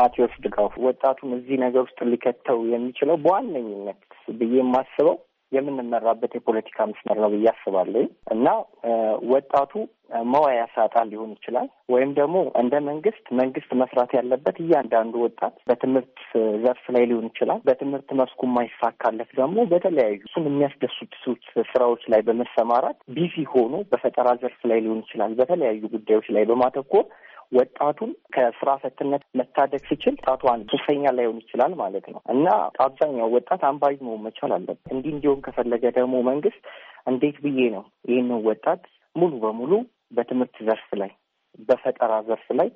ማቴዎስ ድጋፉ ወጣቱን እዚህ ነገር ውስጥ ሊከተው የሚችለው በዋነኝነት ብዬ የማስበው የምንመራበት የፖለቲካ መስመር ነው ብዬ አስባለሁ እና ወጣቱ መዋያ ሳጣ ሊሆን ይችላል ወይም ደግሞ እንደ መንግስት መንግስት መስራት ያለበት እያንዳንዱ ወጣት በትምህርት ዘርፍ ላይ ሊሆን ይችላል። በትምህርት መስኩ የማይሳካለት ደግሞ በተለያዩ እሱን የሚያስደሱት ስራዎች ላይ በመሰማራት ቢዚ ሆኖ በፈጠራ ዘርፍ ላይ ሊሆን ይችላል። በተለያዩ ጉዳዮች ላይ በማተኮር ወጣቱን ከስራ ፈትነት መታደግ ሲችል ጣቷን ሱሰኛ ላይሆን ይችላል ማለት ነው እና አብዛኛው ወጣት አንባቢ መሆን መቻል አለበት። እንዲህ እንዲሆን ከፈለገ ደግሞ መንግስት እንዴት ብዬ ነው ይህንን ወጣት ሙሉ በሙሉ በትምህርት ዘርፍ ላይ በፈጠራ ዘርፍ ላይ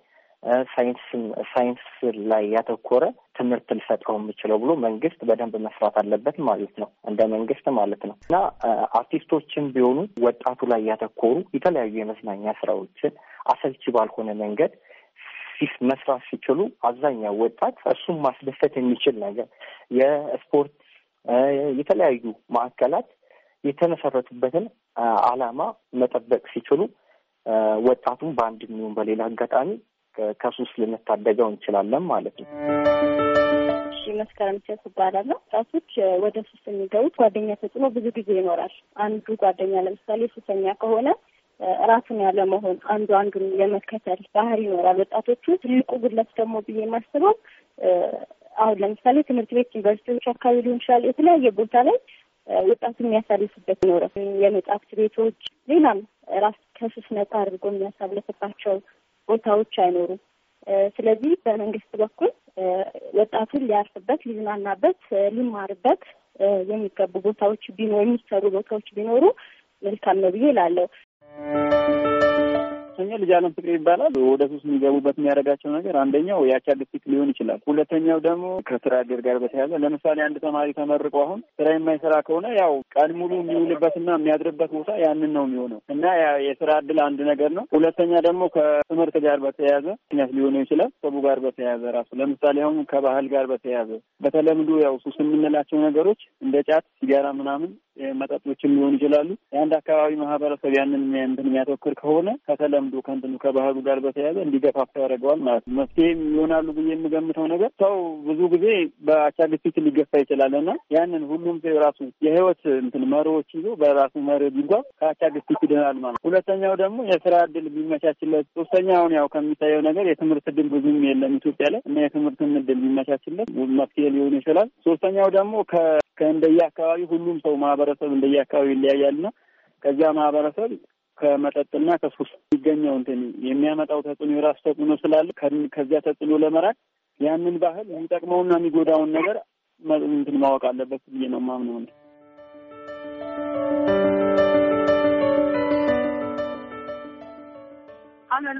ሳይንስ ላይ ያተኮረ ትምህርት ልሰጠው የምችለው ብሎ መንግስት በደንብ መስራት አለበት ማለት ነው፣ እንደ መንግስት ማለት ነው። እና አርቲስቶችም ቢሆኑ ወጣቱ ላይ ያተኮሩ የተለያዩ የመዝናኛ ስራዎችን አሰልቺ ባልሆነ መንገድ መስራት ሲችሉ አብዛኛው ወጣት እሱም ማስደሰት የሚችል ነገር የስፖርት የተለያዩ ማዕከላት የተመሰረቱበትን አላማ መጠበቅ ሲችሉ ወጣቱም በአንድ የሚሆን በሌላ አጋጣሚ ከሱስ ልንታደገው እንችላለን ማለት ነው። መስከረም ቸት እባላለሁ። ወጣቶች ወደ ሱስ የሚገቡት ጓደኛ ተጽዕኖ ብዙ ጊዜ ይኖራል። አንዱ ጓደኛ ለምሳሌ ሱሰኛ ከሆነ ራሱን ያለመሆን አንዱ አንዱን የመከተል ባህሪ ይኖራል። ወጣቶቹ ትልቁ ጉድለት ደግሞ ብዬ የማስበው አሁን ለምሳሌ ትምህርት ቤት፣ ዩኒቨርሲቲዎች አካባቢ ሊሆን ይችላል የተለያየ ቦታ ላይ ወጣቱ የሚያሳልፍበት ይኖረ የመጽሐፍት ቤቶች፣ ሌላም ራስ ከሱስ ነጻ አድርጎ የሚያሳልፍባቸው ቦታዎች አይኖሩም። ስለዚህ በመንግስት በኩል ወጣቱን ሊያርፍበት፣ ሊዝናናበት፣ ሊማርበት የሚገቡ ቦታዎች ቢኖሩ የሚሰሩ ቦታዎች ቢኖሩ መልካም ነው ብዬ እላለሁ። ሰራተኛ ልጅ አለም ፍቅር ይባላል። ወደ ሱስ የሚገቡበት የሚያደርጋቸው ነገር አንደኛው የአቻ ግፊት ሊሆን ይችላል። ሁለተኛው ደግሞ ከስራ እድል ጋር በተያያዘ ለምሳሌ አንድ ተማሪ ተመርቆ አሁን ስራ የማይሰራ ከሆነ ያው ቀን ሙሉ የሚውልበትና የሚያድርበት ቦታ ያንን ነው የሚሆነው እና የስራ እድል አንድ ነገር ነው። ሁለተኛ ደግሞ ከትምህርት ጋር በተያያዘ ምክንያት ሊሆነው ይችላል። ሰቡ ጋር በተያያዘ ራሱ ለምሳሌ አሁን ከባህል ጋር በተያያዘ በተለምዶ ያው ሱስ የምንላቸው ነገሮች እንደ ጫት፣ ሲጋራ ምናምን መጠጦችም ሊሆኑ ይችላሉ። የአንድ አካባቢ ማህበረሰብ ያንን እንትን የሚያተኩር ከሆነ ከተለምዶ ከእንትኑ ከባህሉ ጋር በተያያዘ እንዲገፋፋ ያደርገዋል ማለት ነው። መፍትሄም ይሆናሉ ብዬ የምገምተው ነገር ሰው ብዙ ጊዜ በአቻ ግፊት ሊገፋ ይችላል እና ያንን ሁሉም ሰው የራሱ የህይወት እንትን መሪዎች ይዞ በራሱ መሪ ቢጓዝ ከአቻ ግፊት ይድናል ማለት። ሁለተኛው ደግሞ የስራ እድል ቢመቻችለት። ሶስተኛ አሁን ያው ከሚታየው ነገር የትምህርት እድል ብዙም የለም ኢትዮጵያ ላይ እና የትምህርትን እድል ቢመቻችለት መፍትሄ ሊሆን ይችላል። ሶስተኛው ደግሞ ከእንደየ አካባቢ ሁሉም ሰው ማህበረ ማህበረሰብ እንደየ ይለያያል ይለያያልና ከዚያ ማህበረሰብ ከመጠጥና ከሱስ የሚገኘው እንትን የሚያመጣው ተጽዕኖ የራሱ ተጽዕኖ ስላለ ከዚያ ተጽዕኖ ለመራቅ ያንን ባህል የሚጠቅመውና የሚጎዳውን ነገር እንትን ማወቅ አለበት ብዬ ነው ማምነው።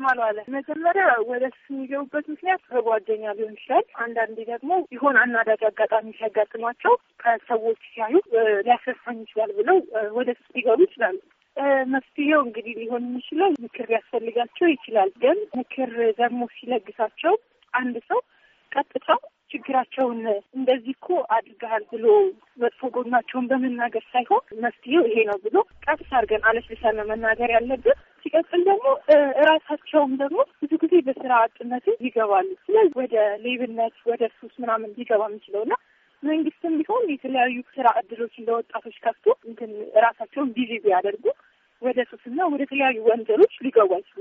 ምንም አለ መጀመሪያ ወደ ወደሱ የሚገቡበት ምክንያት በጓደኛ ሊሆን ይችላል። አንዳንዴ ደግሞ ይሆን አናዳጅ አጋጣሚ ሲያጋጥሟቸው ከሰዎች ሲያዩ ሊያሰሳኝ ይችላል ብለው ወደ ወደሱ ሊገቡ ይችላሉ። መፍትሄው እንግዲህ ሊሆን የሚችለው ምክር ሊያስፈልጋቸው ይችላል። ግን ምክር ደግሞ ሲለግሳቸው አንድ ሰው ቀጥታው ችግራቸውን እንደዚህ እኮ አድርገሃል ብሎ መጥፎ ጎናቸውን በመናገር ሳይሆን መፍትሄው ይሄ ነው ብሎ ቀስ አድርገን አለስልሳ መናገር ያለብን ሲቀጥል ደግሞ እራሳቸውም ደግሞ ብዙ ጊዜ በስራ አጥነት ይገባሉ። ስለዚህ ወደ ሌብነት፣ ወደ ሱስ ምናምን ሊገባ የምችለው እና መንግስትም ቢሆን የተለያዩ ስራ እድሎችን ለወጣቶች ከፍቶ እንትን እራሳቸውን ቢዚ ቢያደርጉ ወደ ሱስና ወደ ተለያዩ ወንጀሎች ሊገቡ አይችሉ